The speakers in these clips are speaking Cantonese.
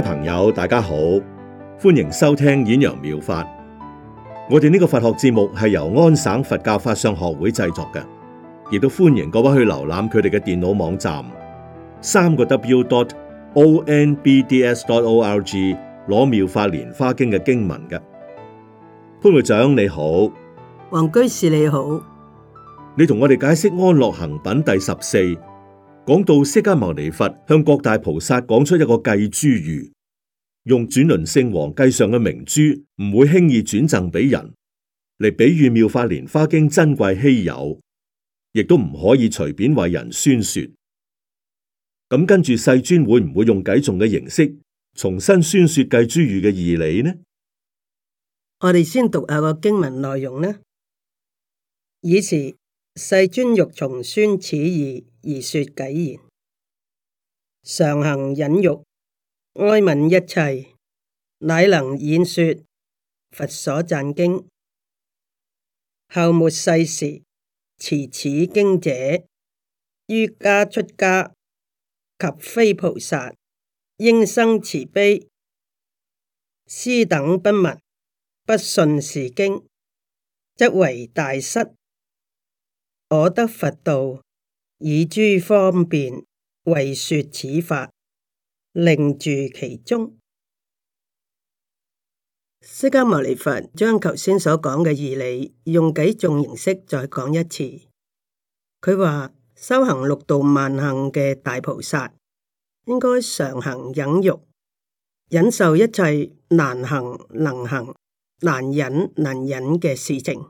朋友大家好，歡迎收聽《演揚妙、妙法》。我哋呢個佛學節目係由安省佛教法相學會製作嘅，亦都歡迎各位去瀏覽佢哋嘅電腦網站，三個 W dot O N B D S dot O R G 攞妙法蓮花經嘅經文嘅。潘會長你好，黃居士你好，你同我哋解釋安樂行品第十四。講到釋迦牟尼佛向各大菩薩講出一個髻珠喻，用轉輪聖王髻上嘅明珠，唔會輕易轉贈俾人，嚟比喻妙法蓮花經珍貴稀有，亦都唔可以隨便為人宣說。咁跟住世尊會唔會用偈頌嘅形式，重新宣說髻珠喻嘅義理呢？我哋先讀下個經文內容啦。爾時世尊，欲重宣此義。而說偈言，常行忍辱，哀憫一切，乃能演說佛所讚經。後末世時，持此經者，於家出家及非菩薩，應生慈悲，斯等不聞，不信是經，則為大失，我得佛道。以諸方便為說此法，令住其中。釋迦牟尼佛將頭先所講嘅義理，用幾種形式再講一次。佢話修行六度萬行嘅大菩薩，應該常行忍辱，忍受一切難行能行、難忍能忍嘅事情，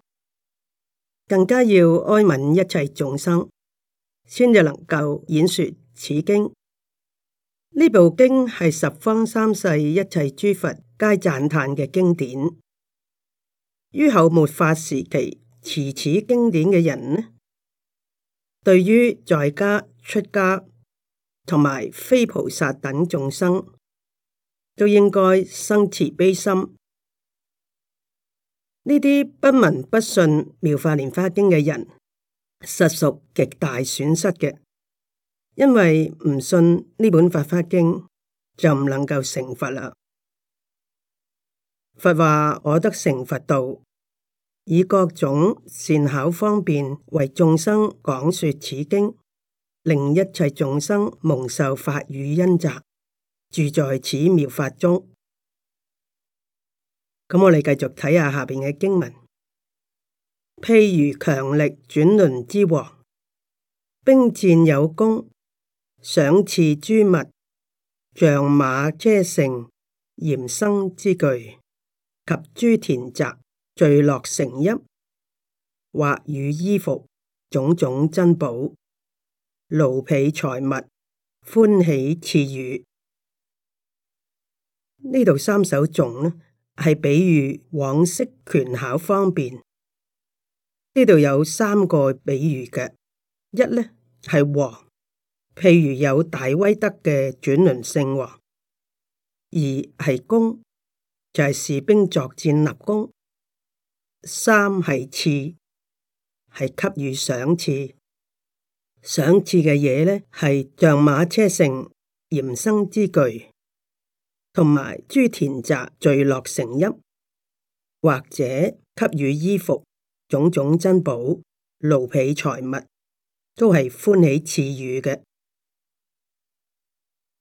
更加要哀憫一切眾生。先至能夠演說此經，呢部經係十方三世一切諸佛皆讚歎嘅經典。於後末法時期持此經典嘅人呢，對於在家出家同埋非菩薩等眾生，都應該生慈悲心。呢啲不聞不信妙法蓮花經嘅人，實屬極大損失嘅，因為唔信呢本法華經就唔能夠成佛啦。佛話：我得成佛道，以各種善巧方便為眾生講說此經，令一切眾生蒙受法語恩澤，住在此妙法中。咁我哋繼續睇下下邊嘅經文。譬如強力轉輪之王，兵戰有功，賞賜諸物，象馬車乘、嚴身之具及諸田宅聚落城邑，或與衣服種種珍寶、奴婢財物，歡喜賜予。呢度三首頌呢，係比喻往昔權巧方便。呢度有三個比喻嘅，一呢，係王，譬如有大威德嘅轉輪聖王；二係功，就係、是、士兵作戰立功；三係賜，係給予賞賜。賞賜嘅嘢呢，係象馬車乘，嚴身之具，同埋朱田宅聚落城邑，或者給予衣服。種種珍寶、奴婢財物，都係歡喜賜予嘅。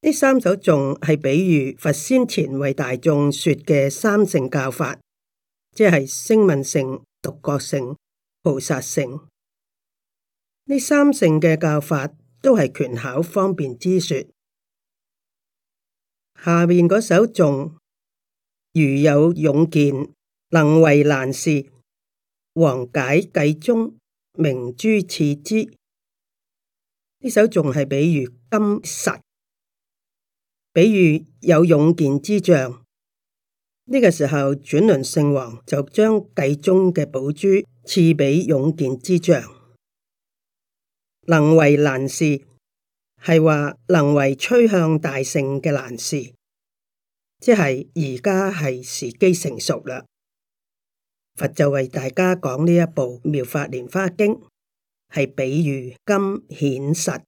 呢三首頌係比喻佛先前為大眾說嘅三乘教法，即係聲聞乘、獨覺乘、菩薩乘。呢三乘嘅教法都係權巧方便之說。下面嗰首頌，如有勇健，能為難事。王解髻中明珠賜之，呢首仲係比喻金實，比喻有勇健之將。呢、這個時候轉輪聖王就將髻中嘅寶珠賜俾勇健之將，能為難事，係話能為趨向大勝嘅難事，即係而家係時機成熟啦。佛就為大家講呢一部《妙法蓮花經》，係比喻、金顯實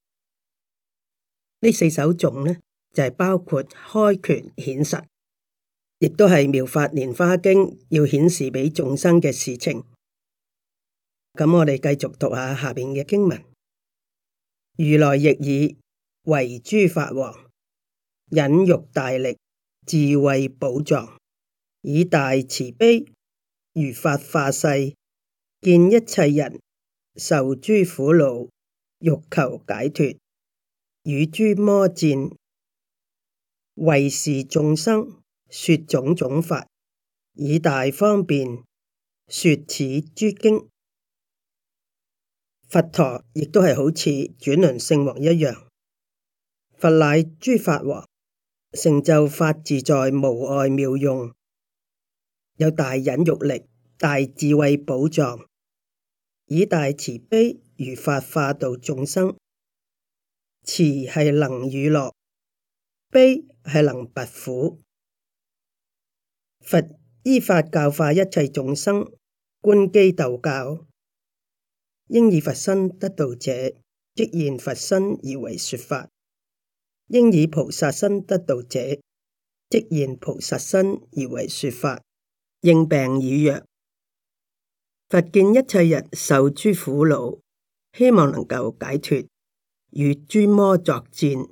呢四首頌呢，就係、是、包括開權顯實，亦都係《妙法蓮花經》要顯示俾眾生嘅事情。咁我哋繼續讀下下邊嘅經文：如來亦以為諸法王，忍辱大力，智慧寶藏，以大慈悲，如法化世，見一切人受諸苦惱，欲求解脱，與諸魔戰，為是眾生說種種法，以大方便說此諸經。佛陀亦都係好似轉輪聖王一樣，佛乃諸法王，成就法自在，無礙妙用。有大忍欲力、大智慧寶藏，以大慈悲如法化度眾生。慈係能與樂，悲係能拔苦。佛依法教化一切眾生，觀機逗教。應以佛身得道者，即現佛身而為說法；應以菩薩身得道者，即現菩薩身而為說法。應病與藥，佛見一切人受諸苦惱，希望能夠解脱，與諸魔作戰。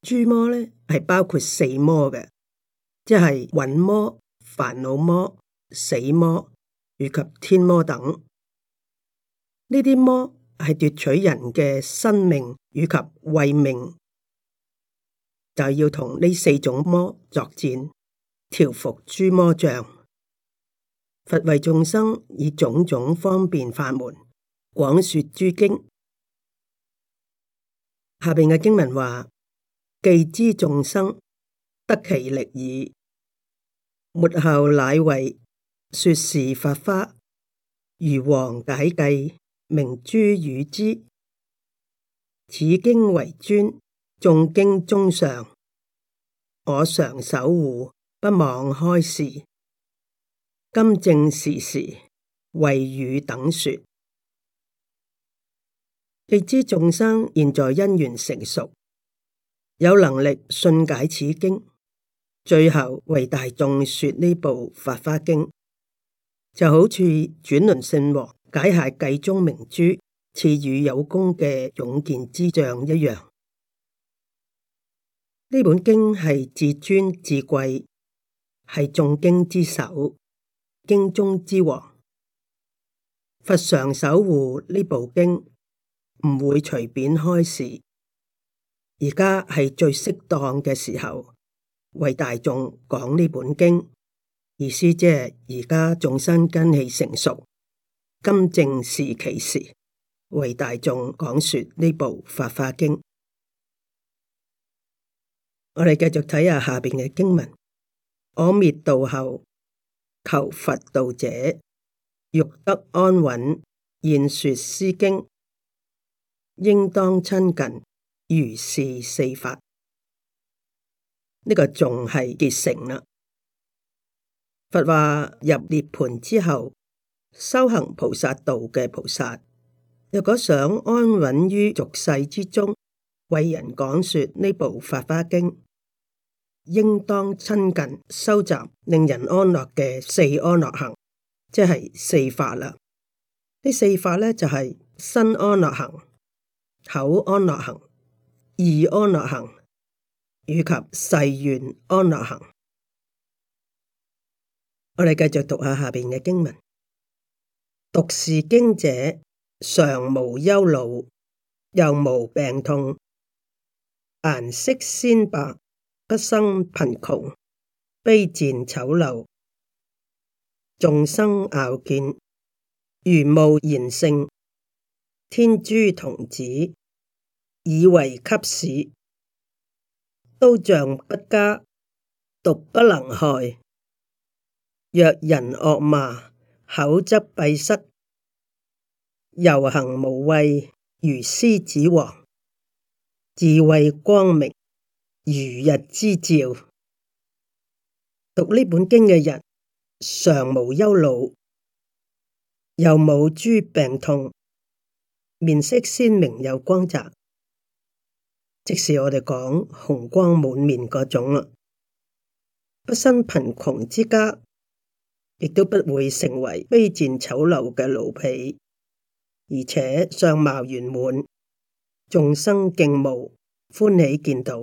諸魔咧係包括四魔嘅，即係蘊魔、煩惱魔、死魔以及天魔等。呢啲魔係奪取人嘅生命以及慧命，就要同呢四種魔作戰。調伏諸魔像，佛為眾生以種種方便法門廣說諸經。下邊嘅經文話：既知眾生得其力矣。末後乃為說是法花，如王解計，明珠與之。此經為尊，眾經中上，我常守護。不忘開示，今正是時，為汝等說，亦知眾生現在因緣成熟，有能力信解此經，最後為大眾說呢部《法華經》，就好似轉輪聖王解下髻中明珠，賜予有功嘅勇健之將一樣。呢本經係至尊至貴。係眾經之首，經中之王，佛常守護呢部經，唔會隨便開示。而家係最適當嘅時候，為大眾講呢本經。意思即係而家眾生根器成熟，今正是其時，為大眾講說呢部《法華經》。我哋繼續睇下下邊嘅經文。我滅道後，求佛道者欲得安穩，演說斯經，應當親近如是四法。呢個仲係結成啦。佛話入涅槃之後，修行菩薩道嘅菩薩，若果想安穩於俗世之中，為人講說呢部法華經。應當親近收集令人安樂嘅四安樂行，即係四法啦。呢四法咧就係、是、身安樂行、口安樂行、意安樂行，以及誓願安樂行。我哋繼續讀下下邊嘅經文：讀是經者，常無憂惱，又無病痛，顏色鮮白。不生貧窮、卑賤、醜陋，眾生樂見，如慕賢聖，天諸童子以為給使，刀杖不加，毒不能害。若人惡罵，口則閉塞，遊行無畏，如獅子王，智慧光明。如日之照，讀呢本經嘅人，常無憂惱，又冇諸病痛，面色鮮明有光澤，即是我哋講紅光滿面嗰種啦。不生貧窮之家，亦都不會成為卑賤醜陋嘅奴婢，而且相貌圓滿，眾生敬慕，歡喜見到。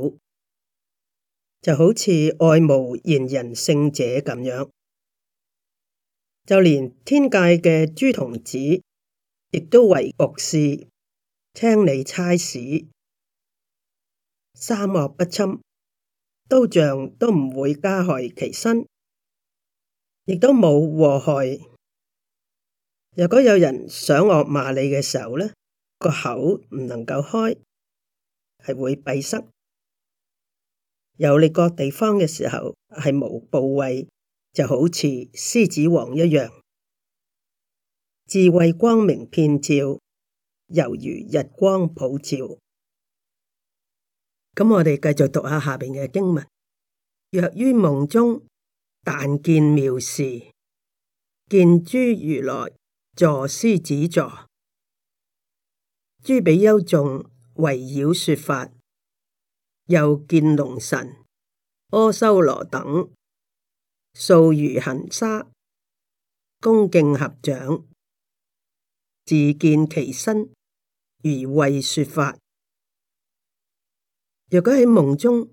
就好似愛慕賢人聖者咁樣，就連天界嘅諸童子亦都為局士，聽你差使，三惡不侵，刀像都唔會加害其身，亦都冇禍害。如果有人想惡罵你嘅時候呢，個口唔能夠開，係會閉塞。有力各地方嘅時候，係無部位，就好似獅子王一樣，智慧光明遍照，猶如日光普照。咁我哋繼續讀下下邊嘅經文：若於夢中，但見妙事，見諸如來坐獅子座，諸比丘眾圍繞說法。又見龍神、阿修羅等，數如恒沙，恭敬合掌，自見其身，如為說法。若果喺夢中，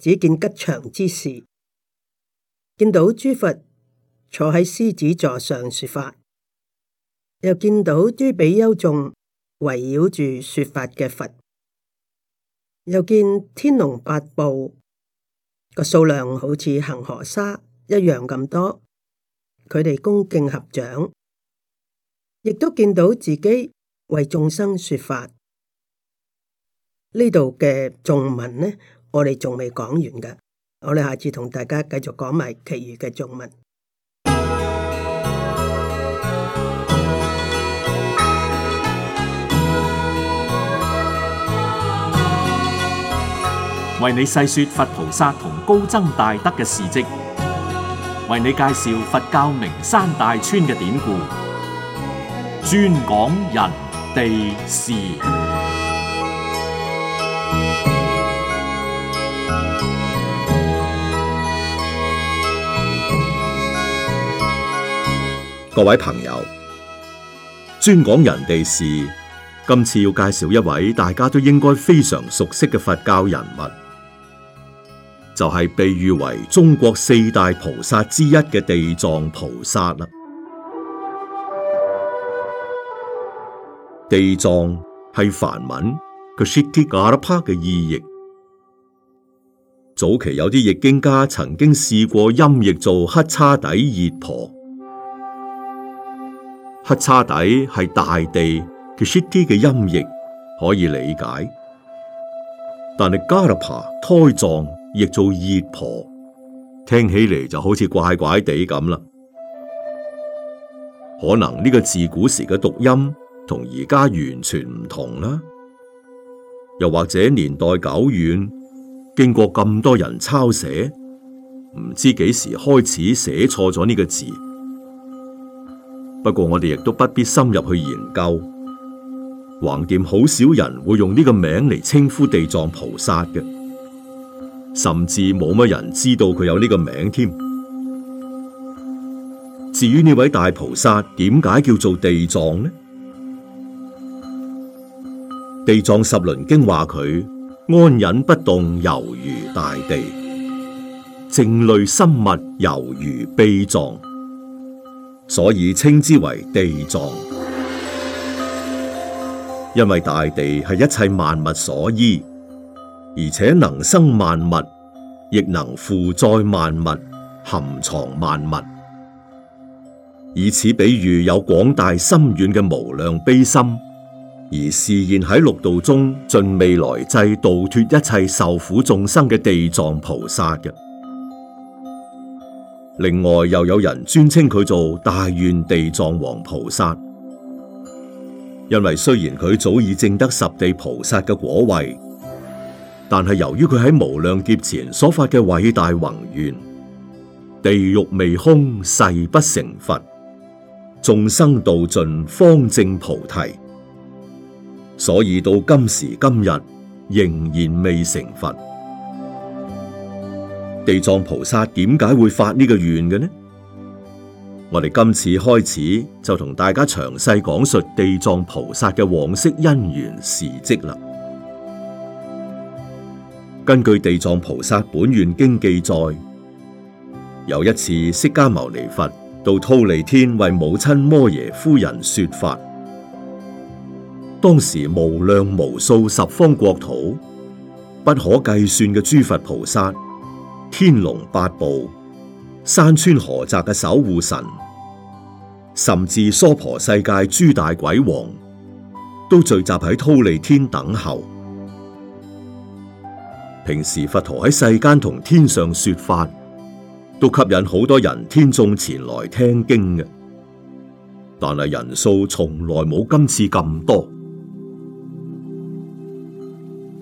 只見吉祥之事，見到諸佛坐喺獅子座上說法，又見到諸比丘眾圍繞住說法嘅佛。又見天龍八部個數量好似恒河沙一樣咁多，佢哋恭敬合掌，亦都見到自己為眾生說法。呢度嘅頌文呢，我哋仲未講完㗎，我哋下次同大家繼續講埋其餘嘅頌文。為你細說佛菩薩同高僧大德嘅事跡，為你介紹佛教名山大川嘅典故，專講人地事。各位朋友，專講人地事，今次要介紹一位大家都應該非常熟悉嘅佛教人物。就係被譽為中國四大菩薩之一嘅地藏菩薩啦。地藏係梵文，Kṣiti Garbha 嘅意譯。早期有啲譯經家曾經試過音譯做黑叉底熱婆。黑叉底係大地，Kṣiti 嘅音譯可以理解，但係 Garbha 胎藏。亦做熱婆，聽起嚟就好似怪怪地咁啦。可能呢個字古時嘅讀音同而家完全唔同啦，又或者年代久遠，經過咁多人抄寫，唔知幾時開始寫錯咗呢個字。不過我哋亦都不必深入去研究，橫掂好少人會用呢個名嚟稱呼地藏菩薩嘅。甚至冇乜人知道佢有呢個名添。至於呢位大菩薩點解叫做地藏呢？地藏十輪經話佢安忍不動，猶如大地；靜類生物，猶如悲藏，所以稱之為地藏。因為大地係一切萬物所依。而且能生萬物，亦能負載萬物，含藏萬物。以此比喻有廣大深遠嘅無量悲心，而示現喺六道中盡未來際度脫一切受苦眾生嘅地藏菩薩嘅。另外又有人尊稱佢做大願地藏王菩薩，因為雖然佢早已證得十地菩薩嘅果位。但係由於佢喺無量劫前所發嘅偉大宏願，地獄未空，誓不成佛，眾生度盡，方證菩提，所以到今時今日仍然未成佛。地藏菩薩點解會發呢個願嘅呢？我哋今次開始就同大家詳細講述地藏菩薩嘅往昔因緣事跡啦。根據地藏菩薩本願經記載，有一次釋迦牟尼佛到忉利天為母親摩耶夫人說法，當時無量無數十方國土不可計算嘅諸佛菩薩、天龍八部、山川河澤嘅守護神，甚至娑婆世界諸大鬼王，都聚集喺忉利天等候。平時佛陀喺世間同天上說法，都吸引好多人天眾前來聽經嘅，但係人數從來冇今次咁多。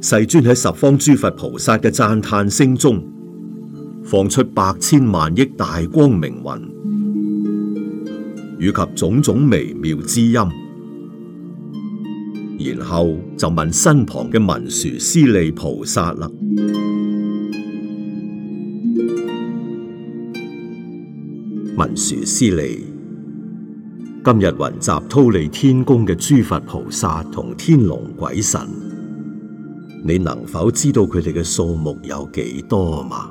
世尊喺十方諸佛菩薩嘅讚歎聲中，放出百千萬億大光明雲，以及種種微妙之音。然後就問身旁嘅文殊師利菩薩啦，文殊師利，今日雲集忉利天宮嘅諸佛菩薩同天龍鬼神，你能否知道佢哋嘅數目有幾多嘛？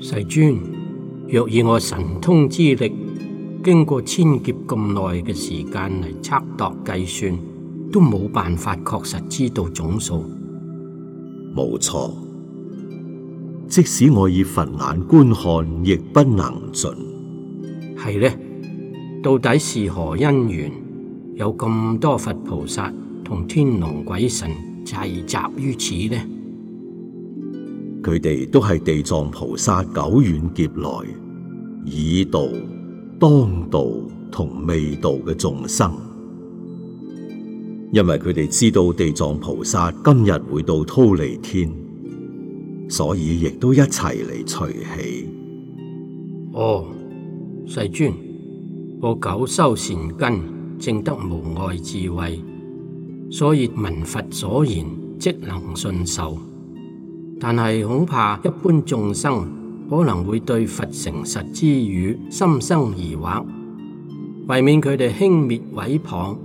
世尊，若以我神通之力。經過千劫咁耐嘅時間嚟測度計算，都冇辦法確實知道總數。冇錯，即使我以佛眼觀看，亦不能盡。係呢，到底是何因緣，有咁多佛菩薩同天龍鬼神齊集於此呢？佢哋都係地藏菩薩久遠劫來以道。當度同未度嘅眾生，因為佢哋知道地藏菩薩今日會到忉利天，所以亦都一齊嚟隨喜。哦，世尊，我久修善根，證得無礙智慧，所以聞佛所言，即能信受。但係恐怕一般眾生。可能會對佛誠實之語心生疑惑，為免佢哋輕蔑毀謗，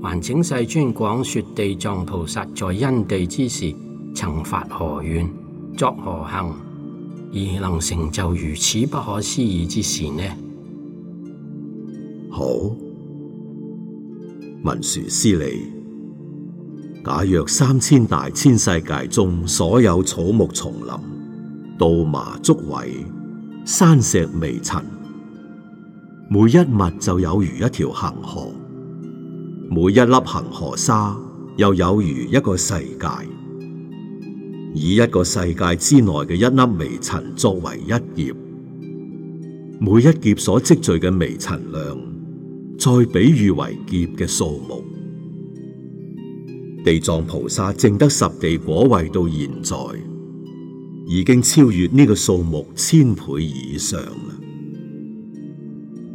還請世尊講説地藏菩薩在因地之時，曾發何願、作何行，而能成就如此不可思議之事呢？好，文殊師利，假若三千大千世界中所有草木叢林。稻麻竹葦，山石微塵，每一物就有如一條恒河，每一粒恒河沙又有如一個世界。以一個世界之內嘅一粒微塵作為一劫，每一劫所積聚嘅微塵量，再比喻為劫嘅數目。地藏菩薩證得十地果位到現在。已經超越呢個數目千倍以上啦！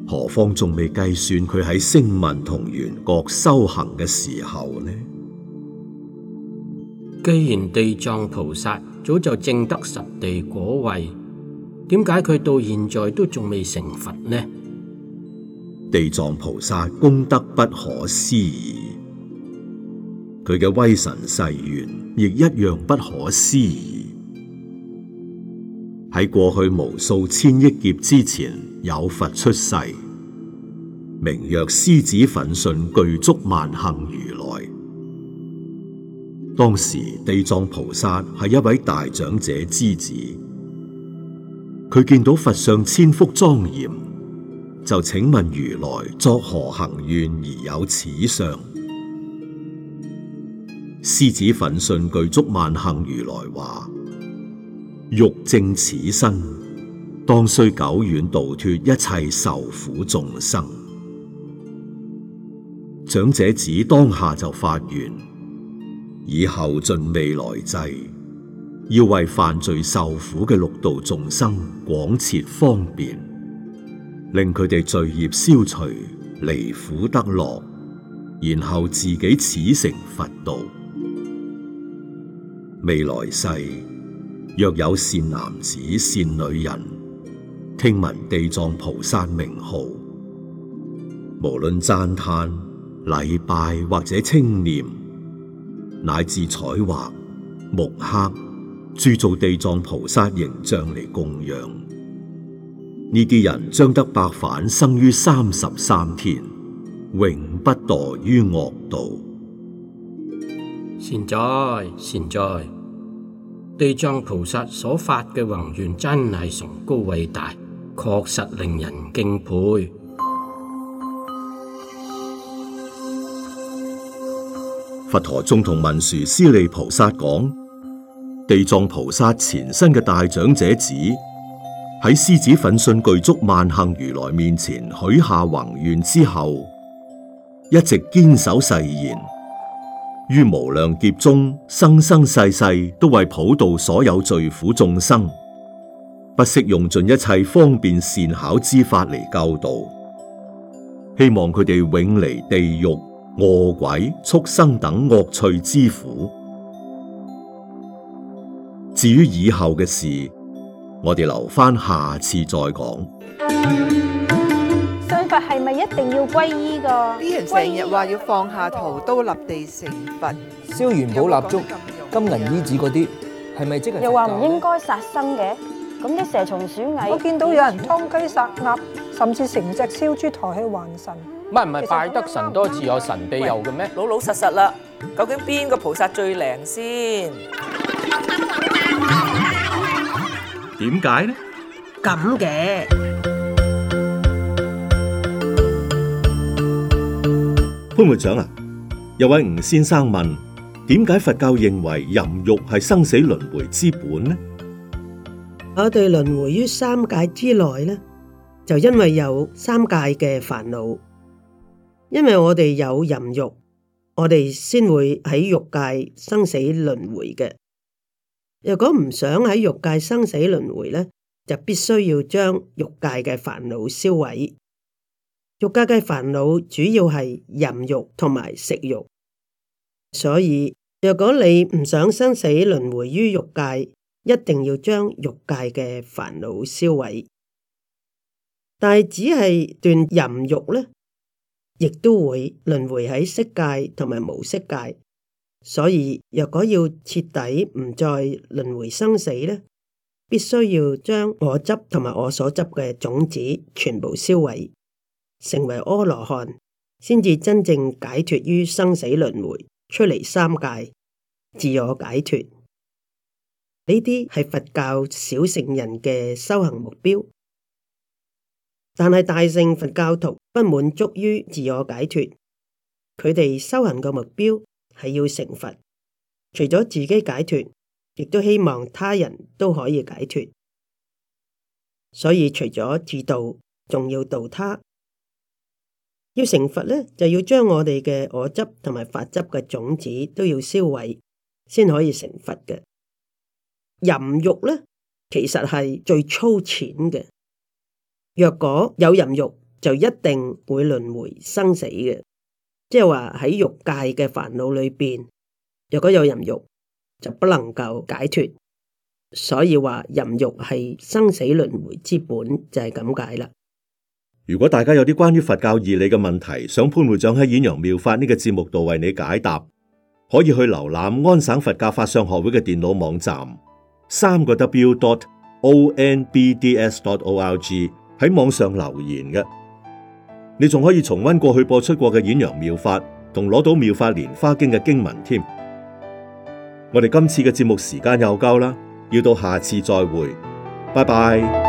何況仲未計算佢喺聲聞同緣覺修行嘅時候呢？既然地藏菩薩早就證得實地果位，點解佢到現在都仲未成佛呢？地藏菩薩功德不可思議，佢嘅威神誓願亦一樣不可思議。喺過去無數千億劫之前，有佛出世，名曰獅子奮迅，具足萬行如來。當時地藏菩薩係一位大長者之子，佢見到佛上千福莊嚴，就請問如來作何行願而有此相？獅子奮迅，具足萬行如來話。欲證此身，當須久遠度脱一切受苦眾生。長者子當下就發願，以後盡未來際，要為犯罪受苦嘅六道眾生廣設方便，令佢哋罪業消除，離苦得樂，然後自己始成佛道，未來世。若有善男子、善女人，聽聞地藏菩薩名號，無論讚歎、禮拜或者稱念，乃至彩畫、木刻、鑄造地藏菩薩形象嚟供養，呢啲人將得百返生於三十三天，永不墮於惡道。善哉，善哉！地藏菩薩所發嘅宏願真係崇高偉大，確實令人敬佩。佛陀仲同文殊師利菩薩講，地藏菩薩前身嘅大長者子喺獅子奮迅具足萬行如來面前許下宏願之後，一直堅守誓言。於無量劫中，生生世世都為普度所有罪苦眾生，不惜用盡一切方便善巧之法嚟教導，希望佢哋永離地獄、餓鬼、畜生等惡趣之苦。至於以後嘅事，我哋留翻下次再講。係咪一定要皈依噶？啲人成日話要放下屠刀立地成佛，燒元寶蠟燭、金銀衣紙嗰啲，係咪即係？又話唔應該殺生嘅，咁啲蛇蟲鼠蟻，我見到有人劏雞殺鴨，甚至成隻燒豬抬去還神。唔係唔係，拜得神多自有神庇佑嘅咩？老老實實啦，究竟邊個菩薩最靈先？點解呢？咁嘅。潘會長啊，有位吳先生問：點解佛教認為淫欲係生死輪迴之本呢？我哋輪迴於三界之內咧，就因為有三界嘅煩惱，因為我哋有淫欲，我哋先會喺欲界生死輪迴嘅。若果唔想喺欲界生死輪迴咧，就必須要將欲界嘅煩惱銷毀。欲界嘅煩惱主要係淫欲同埋食欲，所以若果你唔想生死輪迴于欲界，一定要將欲界嘅煩惱燒毀。但係只係斷淫欲咧，亦都會輪迴喺色界同埋無色界。所以若果要徹底唔再輪迴生死咧，必須要將我執同埋我所執嘅種子全部燒毀。成為阿羅漢，先至真正解脫於生死輪迴，出離三界，自我解脫。要成佛咧，就要將我哋嘅我執同埋法執嘅種子都要燒毀，先可以成佛嘅。淫欲咧，其實係最粗淺嘅。若果有淫欲，就一定會輪迴生死嘅。即係話喺欲界嘅煩惱裏邊，若果有淫欲，就不能夠解脫。所以話淫欲係生死輪迴之本，就係咁解啦。如果大家有啲關於佛教義理嘅問題，想潘會長喺《演揚妙法》呢、這個節目度為你解答，可以去瀏覽安省佛教法相學會嘅電腦網站，三個 w dot o n b d s dot o l g 喺網上留言嘅。你仲可以重温過去播出過嘅《演揚妙法》同攞到《妙法蓮華經》嘅經文添。我哋今次嘅節目時間又夠啦，要到下次再會，拜拜。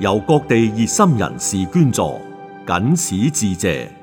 由各地熱心人士捐助，謹此致謝。